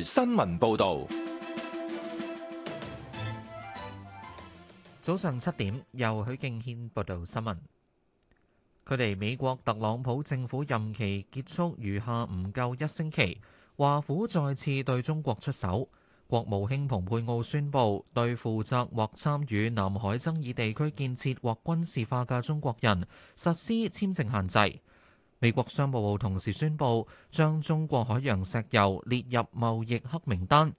新聞報道。早上七點，由許敬軒報道新聞。距離美國特朗普政府任期結束餘下唔夠一星期，華府再次對中國出手。國務卿蓬佩奧宣布，對負責或參與南海爭議地區建設或軍事化嘅中國人實施簽證限制。美國商務部同時宣布，將中國海洋石油列入貿易黑名單。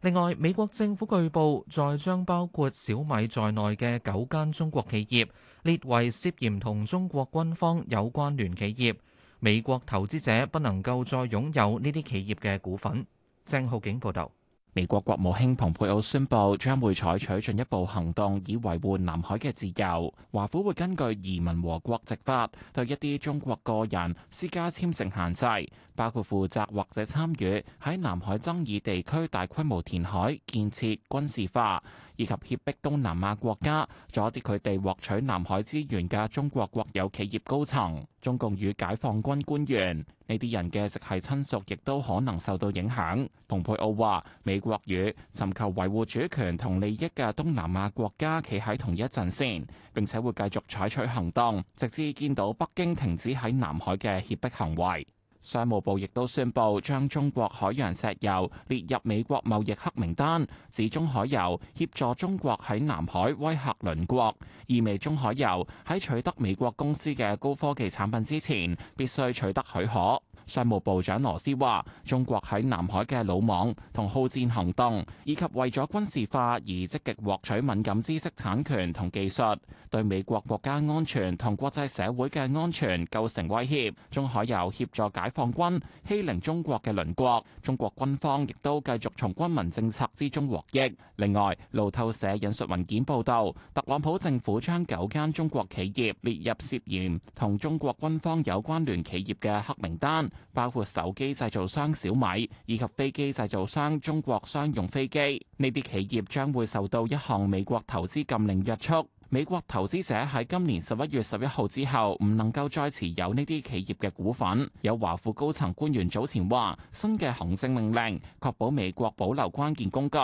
另外，美國政府據報再將包括小米在內嘅九間中國企業列為涉嫌同中國軍方有關聯企業，美國投資者不能夠再擁有呢啲企業嘅股份。鄭浩景報道。美國國務卿蓬佩奧宣布將會採取進一步行動，以維護南海嘅自由。華府會根據移民和國籍法對一啲中國個人施加簽證限制，包括負責或者參與喺南海爭議地區大規模填海、建設、軍事化，以及脅迫東南亞國家阻止佢哋獲取南海資源嘅中國國有企業高層、中共與解放軍官員，呢啲人嘅直系親屬亦都可能受到影響。蓬佩奧話，美國與尋求維護主權同利益嘅東南亞國家企喺同一陣線，並且會繼續採取行動，直至見到北京停止喺南海嘅脅迫行為。商務部亦都宣布將中國海洋石油列入美國貿易黑名單，指中海油協助中國喺南海威嚇鄰國，意味中海油喺取得美國公司嘅高科技產品之前，必須取得許可。商務部長羅斯話：中國喺南海嘅魯莽同好戰行動，以及為咗軍事化而積極獲取敏感知識產權同技術，對美國國家安全同國際社會嘅安全構成威脅。中海油協助解放軍欺凌中國嘅鄰國，中國軍方亦都繼續從軍民政策之中獲益。另外，路透社引述文件報道：特朗普政府將九間中國企業列入涉嫌同中國軍方有關聯企業嘅黑名單。包括手機製造商小米以及飛機製造商中國商用飛機，呢啲企業將會受到一項美國投資禁令約束。美國投資者喺今年十一月十一號之後唔能夠再持有呢啲企業嘅股份。有華府高層官員早前話：新嘅行政命令確保美國保留關鍵工具，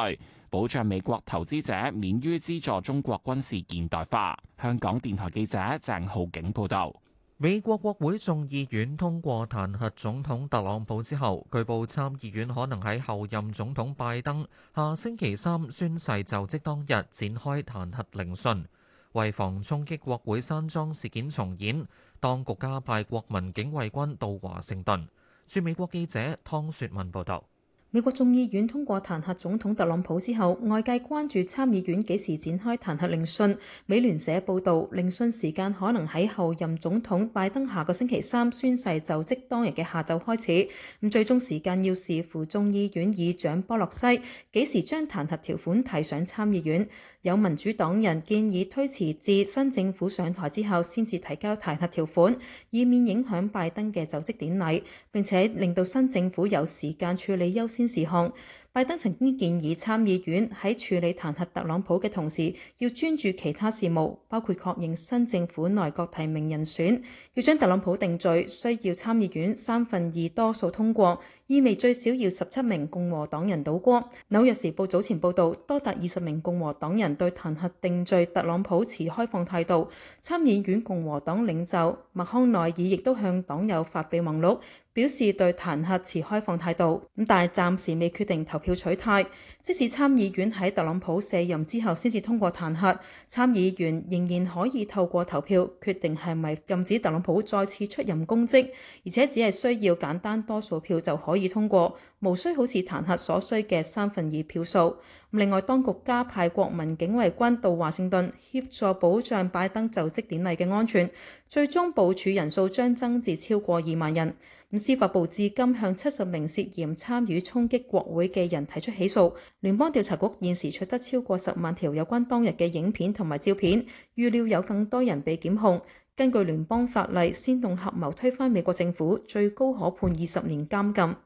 保障美國投資者免於資助中國軍事現代化。香港電台記者鄭浩景報導。美國國會眾議院通過彈劾總統特朗普之後，據報參議院可能喺後任總統拜登下星期三宣誓就職當日展開彈劾聆訊。為防衝擊國會山莊事件重演，當局加派國民警衛軍到華盛頓。駐美國記者湯雪文報道。美國眾議院通過彈劾總統特朗普之後，外界關注參議院幾時展開彈劾聆訊。美聯社報道，聆訊時間可能喺後任總統拜登下個星期三宣誓就職當日嘅下晝開始。咁最終時間要視乎眾議院議長波洛西幾時將彈劾條款提上參議院。有民主黨人建議推遲至新政府上台之後，先至提交彈劾條款，以免影響拜登嘅就職典禮，並且令到新政府有時間處理優先時空。拜登曾經建議參議院喺處理彈劾特朗普嘅同時，要專注其他事務，包括確認新政府內閣提名人選。要將特朗普定罪，需要參議院三分二多數通過，意味最少要十七名共和黨人倒戈。《紐約時報》早前報導，多達二十名共和黨人對彈劾定罪特朗普持開放態度。參議院共和黨領袖麥康奈爾亦都向黨友發備忘錄，表示對彈劾持開放態度。咁但係暫時未決定投投票取態，即使參議院喺特朗普卸任之後，先至通過彈劾，參議員仍然可以透過投票決定係咪禁止特朗普再次出任公職，而且只係需要簡單多數票就可以通過，無需好似彈劾所需嘅三分二票數。另外，當局加派國民警衛軍到華盛頓協助保障拜登就職典禮嘅安全，最終部署人數將增至超過二萬人。咁司法部至今向七十名涉嫌參與衝擊國會嘅人提出起訴。聯邦調查局現時取得超過十萬條有關當日嘅影片同埋照片，預料有更多人被檢控。根據聯邦法例，煽動合謀推翻美國政府最高可判二十年監禁。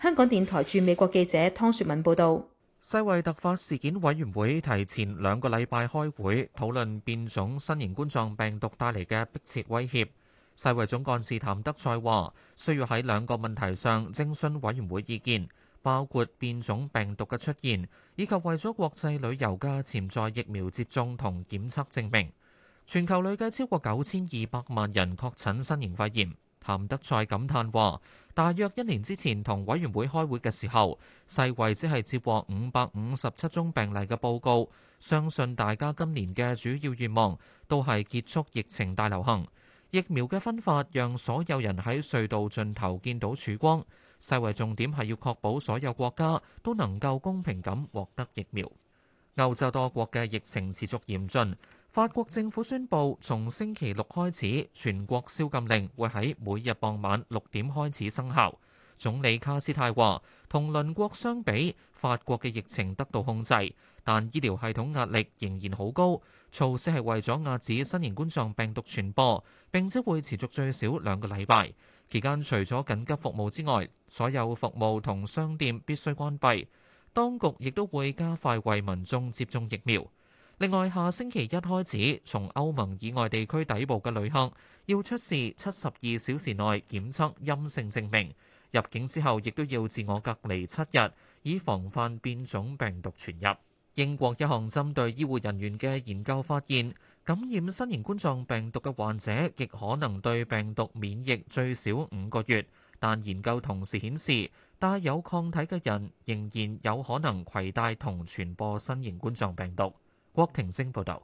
香港電台駐美國記者湯雪敏報道。世衛突發事件委員會提前兩個禮拜開會，討論變種新型冠狀病毒帶嚟嘅迫切威脅。世衛總幹事譚德賽話，需要喺兩個問題上徵詢委員會意見，包括變種病毒嘅出現，以及為咗國際旅遊嘅潛在疫苗接種同檢測證明。全球累計超過九千二百萬人確診新型肺炎。譚德賽感嘆話，大約一年之前同委員會開會嘅時候，世衛只係接獲五百五十七宗病例嘅報告。相信大家今年嘅主要願望都係結束疫情大流行。疫苗嘅分發，讓所有人喺隧道盡頭見到曙光。世衛重點係要確保所有國家都能夠公平咁獲得疫苗。歐洲多國嘅疫情持續嚴峻，法國政府宣布從星期六開始，全國宵禁令會喺每日傍晚六點開始生效。總理卡斯泰話：同鄰國相比，法國嘅疫情得到控制，但醫療系統壓力仍然好高。措施係為咗壓止新型冠狀病毒傳播，並且會持續最少兩個禮拜。期間除咗緊急服務之外，所有服務同商店必須關閉。當局亦都會加快為民眾接種疫苗。另外，下星期一開始，從歐盟以外地區抵步嘅旅客要出示七十二小時內檢測陰性證明。入境之後，亦都要自我隔離七日，以防範變種病毒傳入。英國一項針對醫護人員嘅研究發現，感染新型冠狀病毒嘅患者，亦可能對病毒免疫最少五個月。但研究同時顯示，帶有抗體嘅人仍然有可能攜帶同傳播新型冠狀病毒。郭婷晶報道。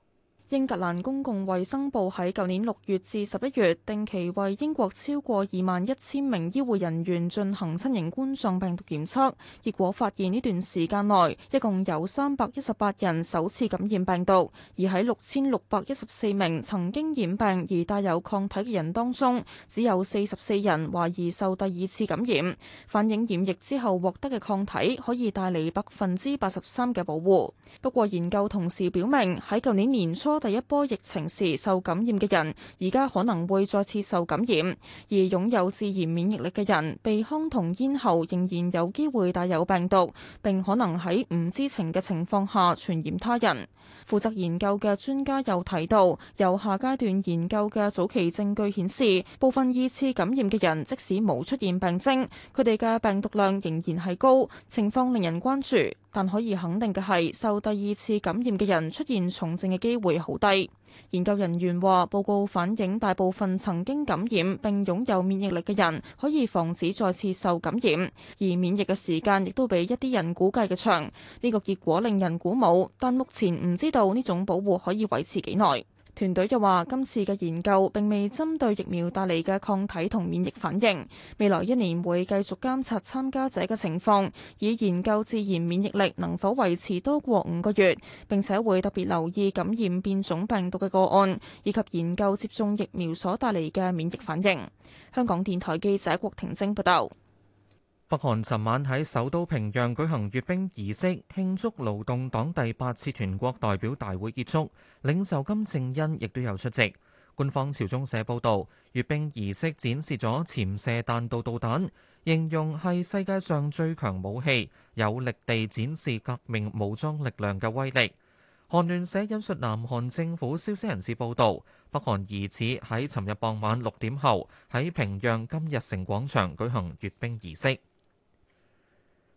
英格蘭公共衛生部喺舊年六月至十一月定期為英國超過二萬一千名醫護人員進行新型冠狀病毒檢測，結果發現呢段時間內一共有三百一十八人首次感染病毒，而喺六千六百一十四名曾經染病而帶有抗體嘅人當中，只有四十四人懷疑受第二次感染。反映染疫之後獲得嘅抗體可以帶嚟百分之八十三嘅保護。不過研究同時表明，喺舊年年初，第一波疫情時受感染嘅人，而家可能會再次受感染；而擁有自然免疫力嘅人，鼻腔同咽喉仍然有機會帶有病毒，並可能喺唔知情嘅情況下傳染他人。負責研究嘅專家又提到，由下階段研究嘅早期證據顯示，部分二次感染嘅人即使冇出現病徵，佢哋嘅病毒量仍然係高，情況令人關注。但可以肯定嘅係，受第二次感染嘅人出現重症嘅機會好低。研究人員話，報告反映大部分曾經感染並擁有免疫力嘅人，可以防止再次受感染，而免疫嘅時間亦都比一啲人估計嘅長。呢個結果令人鼓舞，但目前唔知道呢種保護可以維持幾耐。團隊又話：今次嘅研究並未針對疫苗帶嚟嘅抗體同免疫反應，未來一年會繼續監察參加者嘅情況，以研究自然免疫力能否維持多過五個月。並且會特別留意感染變種病毒嘅個案，以及研究接種疫苗所帶嚟嘅免疫反應。香港電台記者郭婷晶報道。北韓尋晚喺首都平壤舉行閱兵儀式，慶祝勞動黨第八次全國代表大會結束，領袖金正恩亦都有出席。官方朝中社報道，閱兵儀式展示咗潛射彈道導彈，形容係世界上最強武器，有力地展示革命武裝力量嘅威力。韓聯社引述南韓政府消息人士報道，北韓疑似喺尋日傍晚六點後喺平壤金日成廣場舉行閱兵儀式。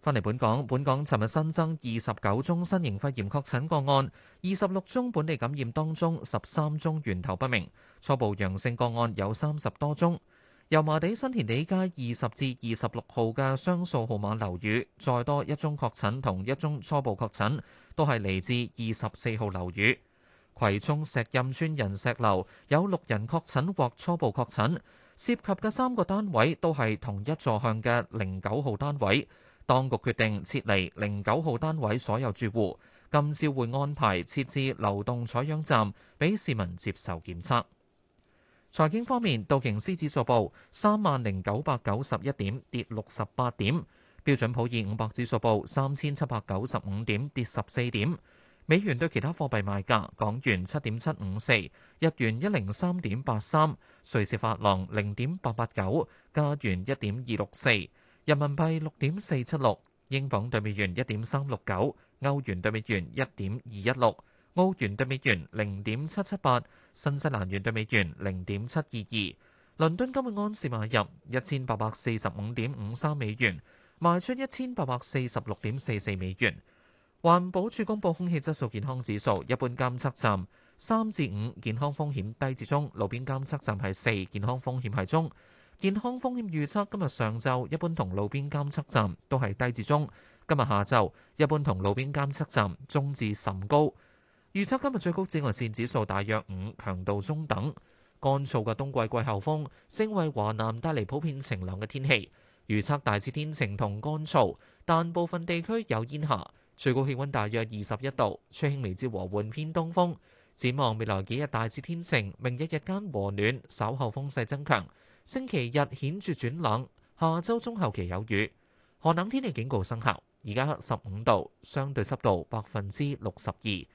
翻嚟本港，本港尋日新增二十九宗新型肺炎確診個案，二十六宗本地感染當中十三宗源頭不明，初步陽性個案有三十多宗。油麻地新填地街二十至二十六號嘅雙數號碼樓宇再多一宗確診同一宗初步確診，都係嚟自二十四號樓宇。葵涌石蔭邨仁石樓有六人確診或初步確診，涉及嘅三個單位都係同一座向嘅零九號單位。當局決定撤離零九號單位所有住戶，今朝會安排設置流動採樣站，俾市民接受檢測。財經方面，道瓊斯指數報三萬零九百九十一點，跌六十八點；標準普爾五百指數報三千七百九十五點，跌十四點。美元對其他貨幣賣價：港元七點七五四，日元一零三點八三，瑞士法郎零點八八九，加元一點二六四。人民幣六點四七六，英鎊對美元一點三六九，歐元對美元一點二一六，澳元對美元零點七七八，新西蘭元對美元零點七二二。倫敦金日安士買入一千八百四十五點五三美元，賣出一千八百四十六點四四美元。環保署公佈空氣質素健康指數，一般監測站三至五，健康風險低至中；路邊監測站係四，健康風險係中。健康風險預測今日上晝一般同路邊監測站都係低至中。今日下晝一般同路邊監測站中至甚高。預測今日最高紫外線指數大約五，強度中等。乾燥嘅冬季季候風正為華南帶嚟普遍晴朗嘅天氣，預測大致天晴同乾燥，但部分地區有煙霞。最高氣温大約二十一度，吹輕微至和緩偏東風。展望未來幾日大致天晴，明日日間和暖，稍後風勢增強。星期日顯著轉冷，下週中後期有雨，寒冷天氣警告生效。而家十五度，相對濕度百分之六十二。